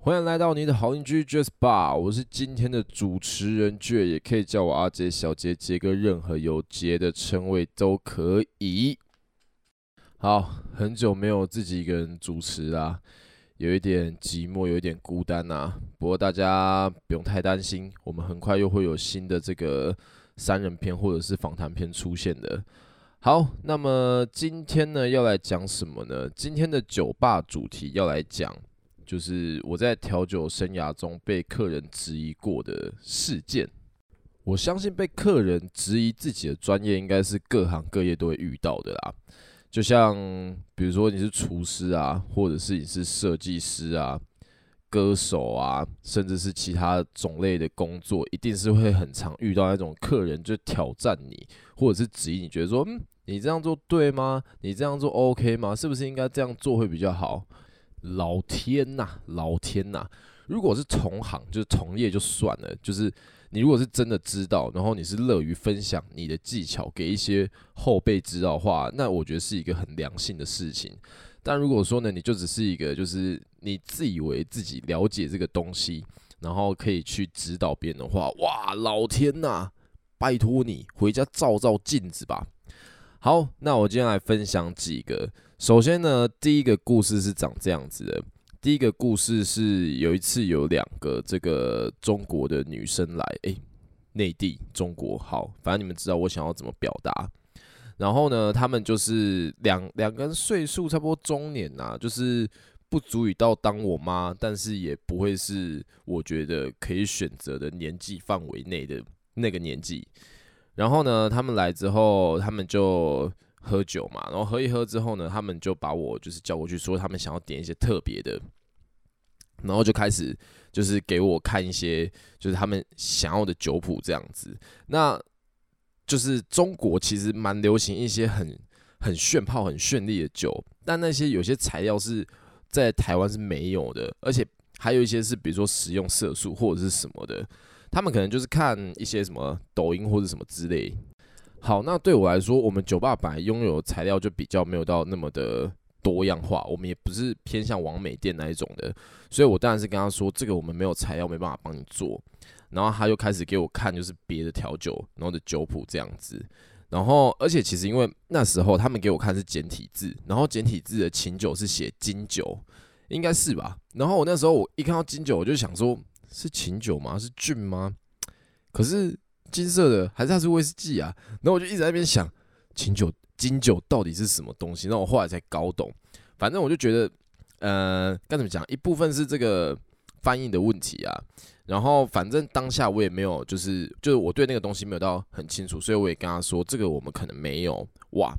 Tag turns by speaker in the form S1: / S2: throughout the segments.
S1: 歡迎來到你的好鄰居杰斯霸我是今天的主持人杰，也可以叫我阿杰、小杰、杰哥，任何有杰的稱謂都可以。好，很久沒有自己一個人主持啦，有一點寂寞，有一點孤單啊。不過大家不用太擔心，我們很快又會有新的這個。三人片，或者是訪談片出現的。好，那麼今天呢要來講什麼呢？今天的酒吧主題要來講，就是我在調酒生涯中被客人質疑過的事件。我相信被客人質疑自己的專業，應該是各行各業都會遇到的啦。就像比如說你是廚師啊，或者是你是設計師啊。歌手啊，甚至是其他種類的工作，一定是會很常遇到那種客人就挑戰你，或者是質疑你覺得說，嗯，你這樣做對嗎？你這樣做 OK 嗎？是不是應該這樣做會比較好？老天吶、啊，老天吶、啊！如果是同行，就是同業就算了，就是你如果是真的知道，然後你是樂於分享你的技巧給一些後輩知道的話，那我覺得是一個很良性的事情。但如果說呢，你就只是一個，就是你自以為自己了解這個東西，然後可以去指導別人的話，哇，老天吶，拜託你回家照照鏡子吧。好，那我今天來分享幾個。首先呢，第一個故事是長這樣子的。第一個故事是有一次有兩個這個中國的女生來，哎，內地，中國，好，反正你們知道我想要怎麼表達。然後呢，他們就是兩兩個人歲數差不多中年吶，啊，就是不足以到當我媽，但是也不會是我覺得可以選擇的年紀範圍內的那個年紀。然後呢，他們來之後，他們就喝酒嘛，然後喝一喝之後呢，他們就把我就是叫過去，說他們想要點一些特別的，然後就開始就是給我看一些就是他們想要的酒譜這樣子。那就是中國其實蠻流行一些很很炫泡很絢麗的酒，但那些有些材料是在台灣是沒有的，而且還有一些是比如說食用色素或者是什麼的，他們可能就是看一些什麼抖音或者什麼之類。好，那對我來說，我們酒吧本來擁有的材料就比較沒有到那麼的多樣化，我們也不是偏向網美店那一種的，所以我當然是跟他說，這個我們沒有材料，沒辦法幫你做。然後他就開始給我看，就是別的調酒，然後的酒譜這樣子。然後，而且其實因為那時候他們給我看是簡體字，然後簡體字的琴酒是寫金酒，應該是吧？然後我那時候我一看到金酒，我就想說，是琴酒嗎？是君嗎？可是金色的，還是它是威士忌啊？然後我就一直在那邊想，琴酒金酒到底是什麼東西？然後我後來才搞懂。反正我就覺得，呃，該怎麼講？一部分是這個。翻譯的問題啊，然後反正當下我也沒有、就是，就是就是我對那個東西沒有到很清楚，所以我也跟他說這個我們可能沒有哇。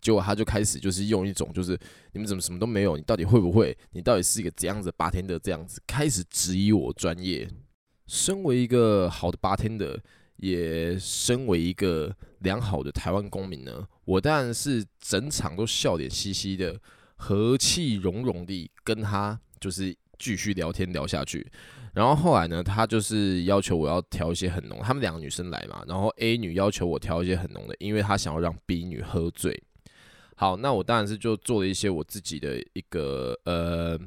S1: 結果他就開始就是用一種就是你們怎麼什麼都沒有，你到底會不會，你到底是一個怎樣子 bartender 這樣子，開始質疑我專業。身為一個好的 bartender，也身為一個良好的台灣公民呢，我當然是整場都笑臉嘻嘻的，和氣融融的跟他就是。繼續聊天聊下去，然後後來呢，他就是要求我要調一些很濃，他們兩個女生來嘛，然後 A 女要求我調一些很濃的，因為她想要讓 B 女喝醉。好，那我當然是就做了一些我自己的一個呃，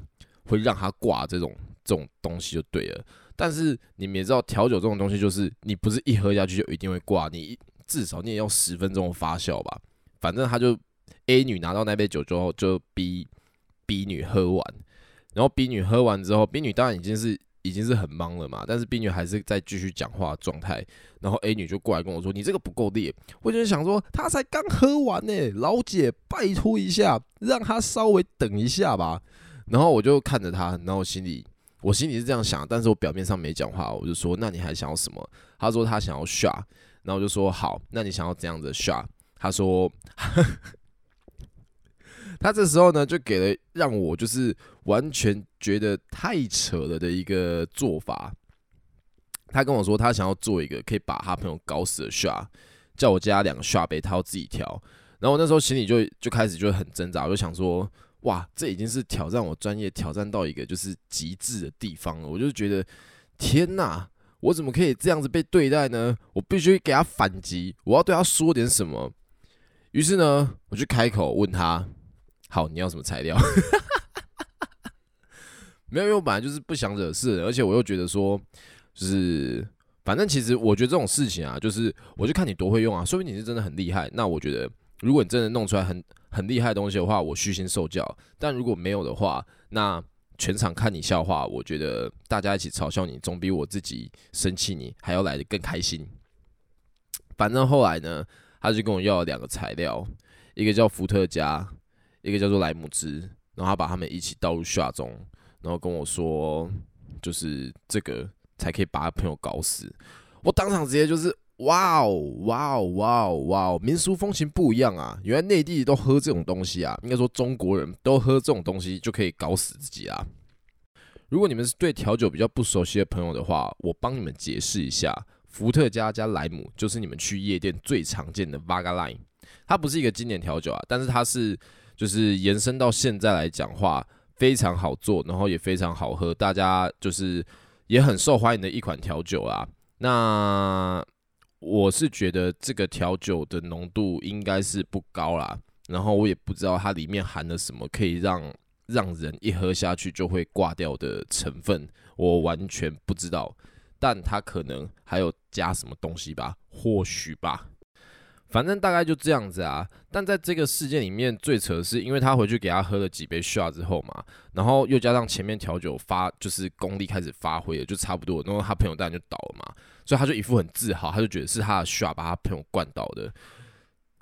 S1: 會讓她掛這種這種東西就對了。但是你們也知道，調酒這種東西就是你不是一喝下去就一定會掛，你至少你也要十分鐘發酵吧。反正她就 A 女拿到那杯酒之後，就逼 B 女喝完。然後 B 女喝完之後，B 女當然已經是已經是很茫了嘛，但是 B 女還是在繼續講話狀態。然後 A 女就過來跟我說：「你這個不夠烈。」我就想說，她才剛喝完呢，老姐，拜託一下，讓她稍微等一下吧。然後我就看着她，然後心裡我心裡是這樣想，但是我表面上沒講話，我就說：「那你還想要什麼？」她說她想要 shot。」然後我就說：「好，那你想要怎樣子 shot？」她說。 他這時候呢，就給了讓我就是完全覺得太扯了的一個做法。他跟我說，他想要做一個可以把他朋友搞死的 shot，叫我加兩個 shot 杯，他要自己調。然後我那時候心裡就就開始就很掙扎，我就想說：哇，這已經是挑戰我專業，挑戰到一個就是極致的地方了。我就覺得，天哪，我怎麼可以這樣子被對待呢？我必須給他反擊，我要對他說點什麼。於是呢，我就開口問他。好，你要什麼材料？ 沒有，因為我本來就是不想惹事了，而且我又覺得說，就是反正其實我覺得這種事情啊，就是我就看你多會用啊，說明你是真的很厲害。那我覺得，如果你真的弄出來很很厲害的東西的話，我虛心受教；但如果沒有的話，那全場看你笑話，我覺得大家一起嘲笑你，總比我自己生氣你還要來得更開心。反正後來呢，他就跟我要了兩個材料，一個叫伏特加。一個叫做萊姆汁，然後他把它他們一起倒入夏中，然後跟我說，就是這個才可以把朋友搞死。我當場直接就是哇哦哇哦哇哦哇哦，民俗風情不一樣啊！原來內地都喝這種東西啊，應該說中國人都喝這種東西就可以搞死自己啊。如果你們是對調酒比較不熟悉的朋友的話，我幫你們解釋一下，伏特加加萊姆就是你們去夜店最常見的 Vodka Lime，它不是一個經典調酒啊，但是它是。就是延伸到現在來講話，非常好做，然後也非常好喝，大家就是也很受歡迎的一款調酒啦。那我是覺得這個調酒的濃度應該是不高啦，然後我也不知道它裡面含了什麼可以讓讓人一喝下去就會掛掉的成分，我完全不知道，但它可能還有加什麼東西吧，或許吧。反正大概就這樣子啊，但在這個事件裡面最扯的是，因為他回去給他喝了幾杯 shot 之後嘛，然後又加上前面調酒發就是功力開始發揮了，就差不多，然後他朋友當然就倒了嘛，所以他就一副很自豪，他就覺得是他的 shot 把他朋友灌倒的。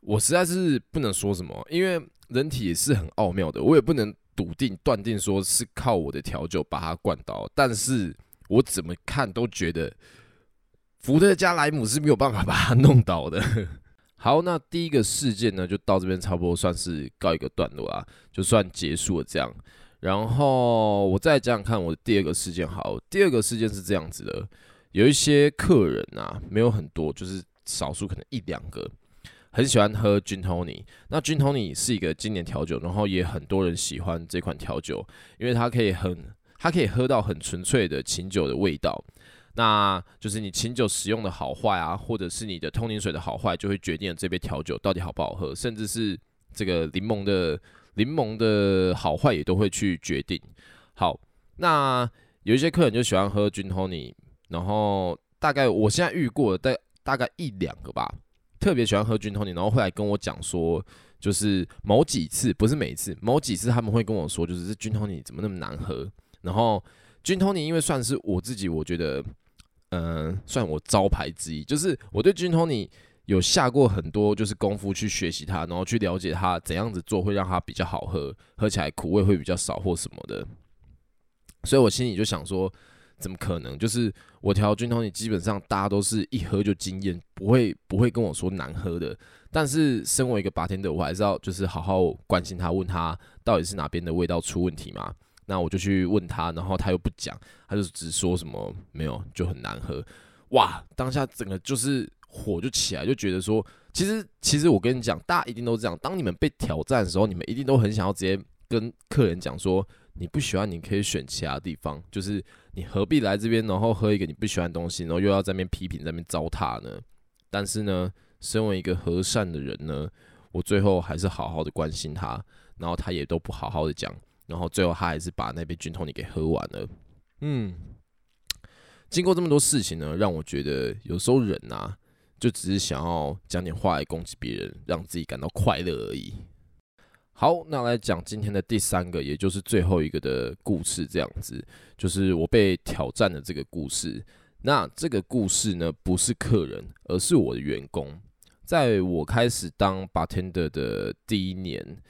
S1: 我實在是不能說什麼，因為人體也是很奧妙的，我也不能篤定斷定說是靠我的調酒把他灌倒，但是我怎麼看都覺得伏特加萊姆是沒有辦法把他弄倒的。好，那第一個事件呢，就到這邊差不多算是告一個段落啊，就算結束了這樣。然後我再講講看我的第二個事件。好，第二個事件是這樣子的，有一些客人啊，沒有很多，就是少數，可能一兩個，很喜歡喝 Gin Tonic 那 Gin Tonic 是一個經典調酒，然後也很多人喜歡這款調酒，因為它可以很，它可以喝到很純粹的琴酒的味道。那就是你琴酒使用的好壞啊，或者是你的通寧水的好壞，就會決定了這杯調酒到底好不好喝，甚至是這個檸檬的檸檬的好壞也都會去決定。好，那有一些客人就喜歡喝琴通寧，然後大概我現在遇過大大概一兩個吧，特別喜歡喝琴通寧，然後後來跟我講說，就是某幾次不是每次，某幾次他們會跟我說，就是這琴通寧怎麼那麼難喝？然後琴通寧因為算是我自己，我覺得。嗯，算我招牌之一，就是我對琴湯尼有下過很多就是功夫去學習他，然後去了解他怎樣子做會讓他比較好喝，喝起來苦味會比較少或什麼的。所以我心裡就想說，怎麼可能？就是我調琴湯尼，基本上大家都是一喝就驚艷，不會不會跟我說難喝的。但是身為一個 bartender，我還是要就是好好關心他，問他到底是哪邊的味道出問題嘛？那我就去問他，然後他又不講，他就只說什麼沒有，就很難喝。哇，當下整個就是火就起來，就覺得說，其實其實我跟你講，大家一定都是這樣。當你們被挑戰的時候，你們一定都很想要直接跟客人講說，你不喜歡你可以選其他地方，就是你何必來這邊，然後喝一個你不喜歡的東西，然後又要在那邊批評，在那邊糟蹋呢？但是呢，身為一個和善的人呢，我最後還是好好的關心他，然後他也都不好好的講。然後最後他還是把那杯君度你給喝完了。嗯，經過這麼多事情呢，讓我覺得有時候人呐、啊，就只是想要講點話來攻擊別人，讓自己感到快樂而已。好，那來講今天的第三個，也就是最後一個的故事，這樣子，就是我被挑戰的這個故事。那這個故事呢，不是客人，而是我的員工。在我開始當 bartender 的第一年。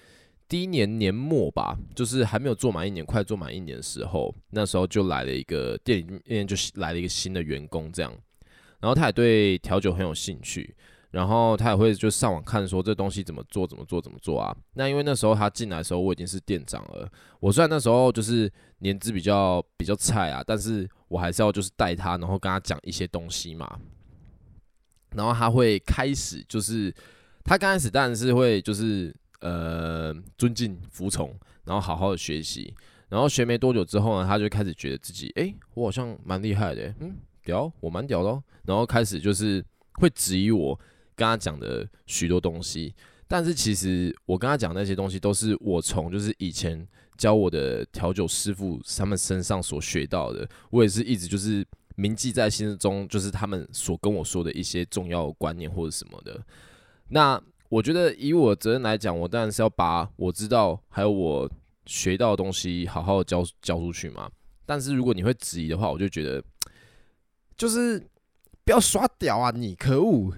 S1: 第一年年末吧，就是還沒有做滿一年，快做滿一年的時候，那時候就來了一個店裡面，就來了一個新的員工，這樣，然後他也對調酒很有興趣，然後他也會就上網看說這東西怎麼做，怎麼做，怎麼做啊。那因為那時候他進來的時候，我已經是店長了。我雖然那時候就是年資比較比較菜啊，但是我還是要就是帶他，然後跟他講一些東西嘛。然後他會開始就是，他剛開始當然是會就是。呃，尊敬、服從，然後好好的學習，然後學沒多久之後呢，他就開始覺得自己，誒，我好像蠻厲害的，嗯，屌，我蠻屌咯，然後開始就是會質疑我跟他講的許多東西，但是其實我跟他講的那些東西都是我從就是以前教我的調酒師傅他們身上所學到的，我也是一直就是銘記在心中，就是他們所跟我說的一些重要觀念或者什麼的，那。我覺得以我的責任來講，我當然是要把我知道還有我學到的東西好好的教教出去嘛。但是如果你會質疑的話，我就覺得就是不要耍屌啊，你可惡。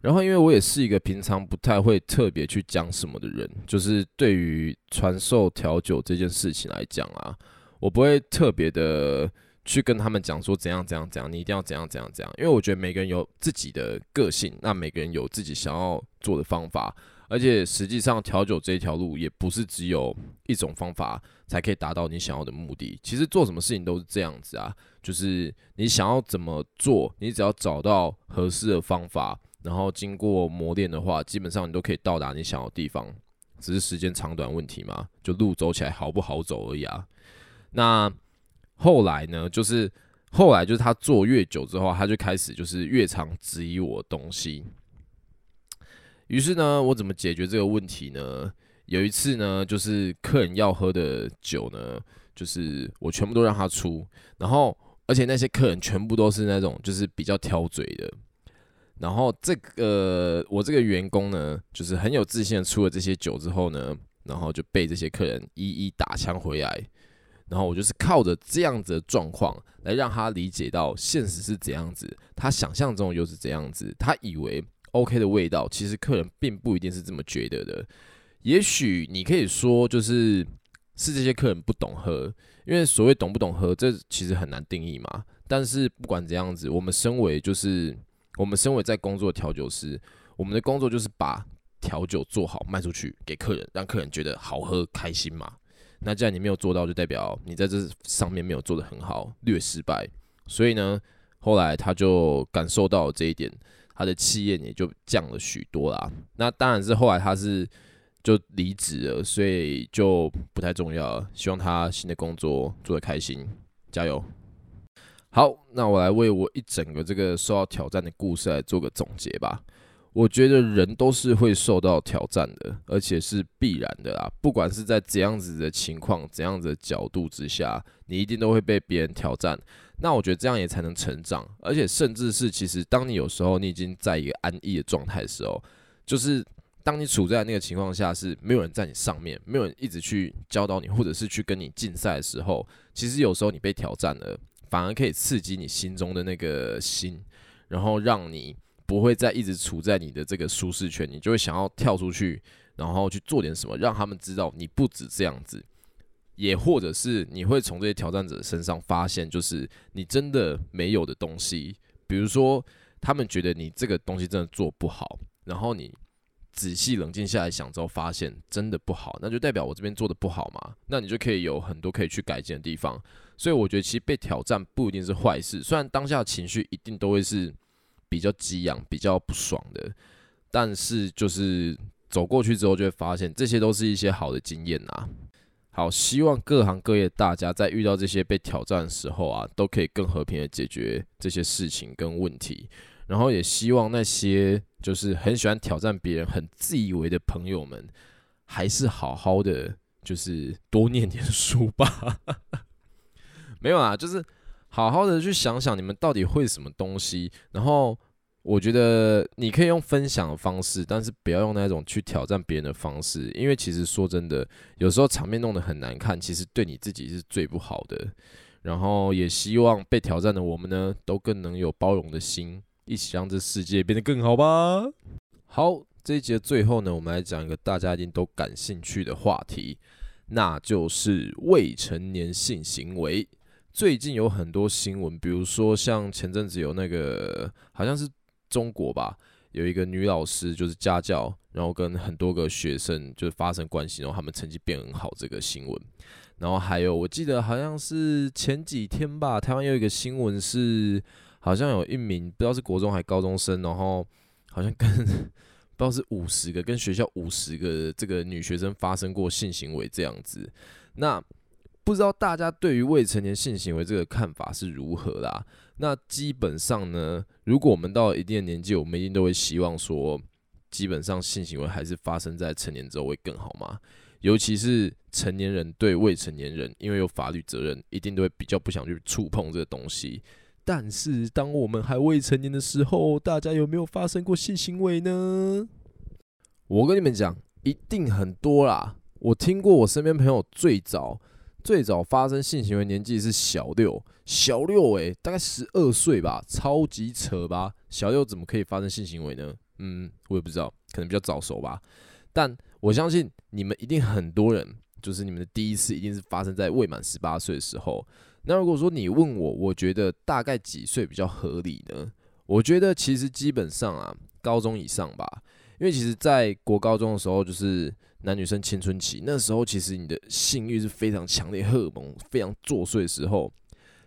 S1: 然後因為我也是一個平常不太會特別去講什麼的人，就是對於傳授調酒這件事情來講啊，我不會特別的去跟他們講說怎樣怎樣怎樣，你一定要怎樣怎樣怎樣，因為我覺得每個人有自己的個性，那每個人有自己想要做的方法，而且實際上調酒這條路也不是只有一種方法才可以達到你想要的目的。其實做什麼事情都是這樣子啊，就是你想要怎麼做，你只要找到合適的方法，然後經過磨練的話，基本上你都可以到達你想要的地方，只是時間長短問題嘛，就路走起來好不好走而已啊。那。後來呢，就是後來就是他做越久之後，他就開始就是越常質疑我東西。於是呢，我怎麼解決這個問題呢？有一次呢，就是客人要喝的酒呢，就是我全部都讓他出，然後而且那些客人全部都是那種就是比較挑嘴的。然後這個，呃，我這個員工呢，就是很有自信的出了這些酒之後呢，然後就被這些客人一一打槍回來。然後我就是靠着這樣子的狀況來讓他理解到現實是怎樣子，他想象中又是怎樣子，他以為 OK 的味道，其實客人並不一定是這麼覺得的。也許你可以說就是是這些客人不懂喝，因為所謂懂不懂喝，這其實很難定義嘛。但是不管怎樣子，我們身為就是我們身為在工作調酒師，我們的工作就是把調酒做好，賣出去給客人，讓客人覺得好喝開心嘛。那既然你沒有做到，就代表你在這上面沒有做得很好，略失敗。所以呢，後來他就感受到了這一點，他的氣焰也就降了許多啦。那當然是後來他是就離職了，所以就不太重要了。希望他新的工作做得開心，加油！好，那我來為我一整個這個受到挑戰的故事來做個總結吧。我覺得人都是會受到挑戰的，而且是必然的啦。不管是在怎樣子的情況、怎樣子的角度之下，你一定都會被別人挑戰。那我覺得這樣也才能成長，而且甚至是其實，當你有時候你已經在一個安逸的狀態的時候，就是當你處在那個情況下是沒有人在你上面，沒有人一直去教導你，或者是去跟你競賽的時候，其實有時候你被挑戰了，反而可以刺激你心中的那個心，然後讓你。不會再一直處在你的這個舒適圈，你就會想要跳出去，然後去做點什麼，讓他們知道你不止這樣子，也或者是你會從這些挑戰者身上發現，就是你真的沒有的東西，比如說他們覺得你這個東西真的做不好，然後你仔細冷靜下來想之後，發現真的不好，那就代表我這邊做的不好嘛，那你就可以有很多可以去改進的地方，所以我覺得其實被挑戰不一定是壞事，雖然當下情緒一定都會是。比較激昂，比較不爽的，但是就是走過去之後就會發現，這些都是一些好的經驗吶、啊。好，希望各行各業大家在遇到這些被挑戰的時候啊，都可以更和平的解決這些事情跟問題。然後也希望那些就是很喜歡挑戰別人、很自以為的朋友們，還是好好的，就是多念點書吧。 沒有啊，就是。好好的去想想，你們到底會什麼東西？然後我覺得你可以用分享的方式，但是不要用那種去挑戰別人的方式，因為其實說真的，有時候場面弄得很難看，其實對你自己是最不好的。然後也希望被挑戰的我們呢，都更能有包容的心，一起讓這世界變得更好吧。好，這一節最後呢，我們來講一個大家一定都感興趣的話題，那就是未成年性行為。最近有很多新聞，比如說像前陣子有那個好像是中國吧，有一個女老師就是家教，然後跟很多個學生就發生關係，然後他們成績變很好這個新聞。然後還有我記得好像是前幾天吧，台灣有一個新聞是，好像有一名不知道是國中還高中生，然後好像跟不知道是五十個跟學校五十個這個女學生發生過性行為這樣子。那不知道大家對於未成年性行為這個看法是如何啦？那基本上呢，如果我們到了一定的年紀，我們一定都會希望說，基本上性行為還是發生在成年之後會更好嘛。尤其是成年人對未成年人，因為有法律責任，一定都會比較不想去觸碰這個東西。但是當我們還未成年的時候，大家有沒有發生過性行為呢？我跟你們講，一定很多啦。我聽過我身邊朋友最早，最早發生性行為年紀是小六，小六欸，大概十二歲吧，超級扯吧？小六怎麼可以發生性行為呢？嗯，我也不知道，可能比較早熟吧。但我相信你們一定很多人，就是你們的第一次一定是發生在未滿十八歲的時候。那如果說你問我，我覺得大概幾歲比較合理呢？我覺得其實基本上啊，高中以上吧，因為其實，在國高中的時候就是。男女生青春期那時候，其實你的性慾是非常強烈，荷爾蒙非常作祟的時候，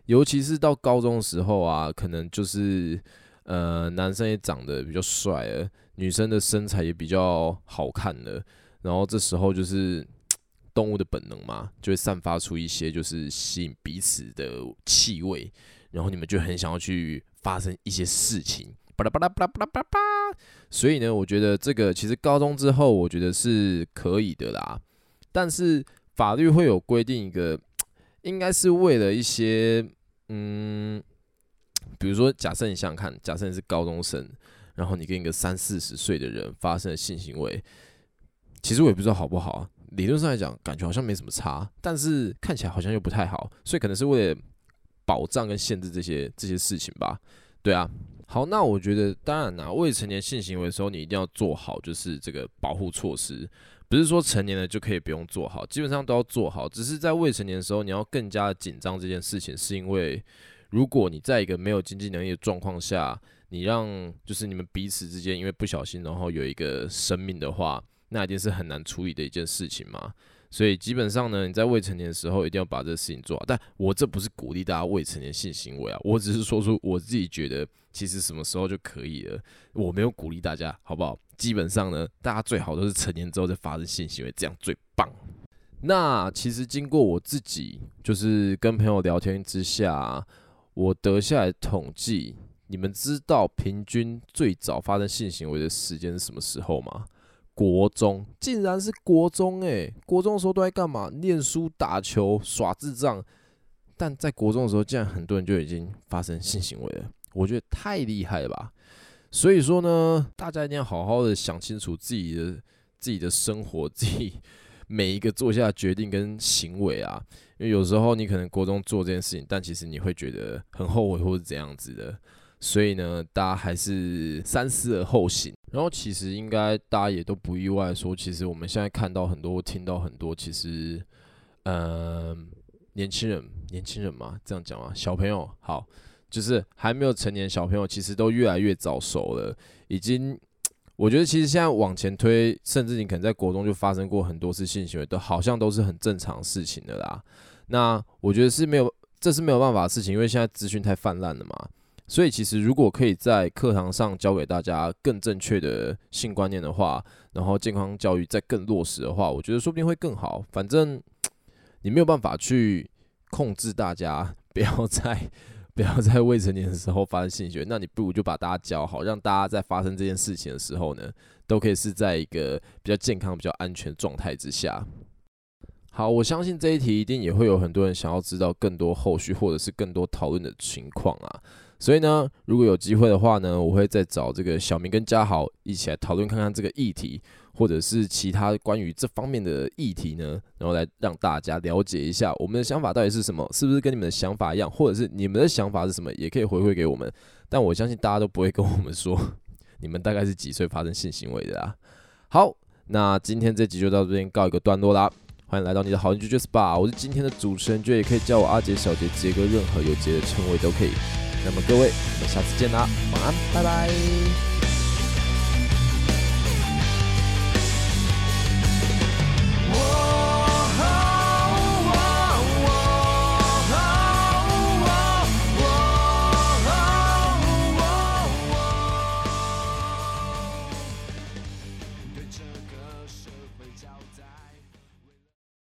S1: 尤其是到高中的時候啊，可能就是呃，男生也長得比較帥了，女生的身材也比較好看了，然後這時候就是動物的本能嘛，就會散發出一些就是吸引彼此的氣味，然後你們就很想要去發生一些事情，巴拉巴拉巴拉巴拉巴拉。所以呢，我覺得這個其實高中之後，我覺得是可以的啦。但是法律會有規定一個，應該是為了一些，嗯，比如說假設你想想看，假設你是高中生，然後你跟一個三四十歲的人發生了性行為，其實我也不知道好不好。理論上來講，感覺好像沒什麼差，但是看起來好像又不太好，所以可能是為了保障跟限制這些這些事情吧。對啊。好，那我覺得當然啦，啊，未成年性行為的時候，你一定要做好，就是這個保護措施，不是說成年了就可以不用做好，基本上都要做好。只是在未成年的時候，你要更加緊張這件事情，是因為如果你在一個沒有經濟能力的狀況下，你讓就是你們彼此之間因為不小心，然後有一個生命的話，那一定是很難處理的一件事情嘛。所以基本上呢，你在未成年的時候一定要把這個事情做好。但我這不是鼓勵大家未成年性行為啊，我只是說出我自己覺得其實什麼時候就可以了。我沒有鼓勵大家，好不好？基本上呢，大家最好都是成年之後再發生性行為，這樣最棒。那其實經過我自己就是跟朋友聊天之下，我得下來統計，你們知道平均最早發生性行為的時間是什麼時候嗎？國中！竟然是國中誒、欸，國中的時候都在幹嘛？念書、打球、耍智障。但在國中的時候，竟然很多人就已經發生性行為了，我覺得太厲害了吧！所以說呢，大家一定要好好的想清楚自己的自己的生活，自己每一個做下的決定跟行為啊，因為有時候你可能國中做這件事情，但其實你會覺得很後悔或者怎樣子的。所以呢，大家還是三思而後行。然後，其實應該大家也都不意外說，其實我們現在看到很多、聽到很多，其實，嗯、呃，年輕人，年輕人嘛，這樣講嘛，小朋友好，就是還沒有成年小朋友，其實都越來越早熟了。已經，我覺得其實現在往前推，甚至你可能在國中就發生過很多次性行為，都好像都是很正常事情的啦。那我覺得是沒有，這是沒有辦法的事情，因為現在資訊太泛濫了嘛。所以，其實如果可以在課堂上教給大家更正確的性觀念的話，然後健康教育再更落實的話，我覺得說不定會更好。反正你沒有辦法去控制大家，不要在不要在未成年的時候發生性行為。那你不如就把大家教好，讓大家在發生這件事情的時候呢，都可以是在一個比較健康、比較安全的狀態之下。好，我相信這一題一定也會有很多人想要知道更多後續或者是更多討論的情況啊。所以呢，如果有機會的話呢，我會再找這個小明跟家豪一起來討論看看這個議題，或者是其他關於這方面的議題呢，然後來讓大家了解一下我們的想法到底是什麼，是不是跟你們的想法一樣，或者是你們的想法是什麼，也可以回饋給我們。但我相信大家都不會跟我們說，你們大概是幾歲發生性行為的啊。好，那今天這集就到這邊告一個段落啦。歡迎來到你的好鄰居杰斯霸，我是今天的主持人杰，也可以叫我阿杰、小杰、杰哥，任何有杰的稱謂都可以。那麼各位，我們下次見啦，啊，晚安，拜拜。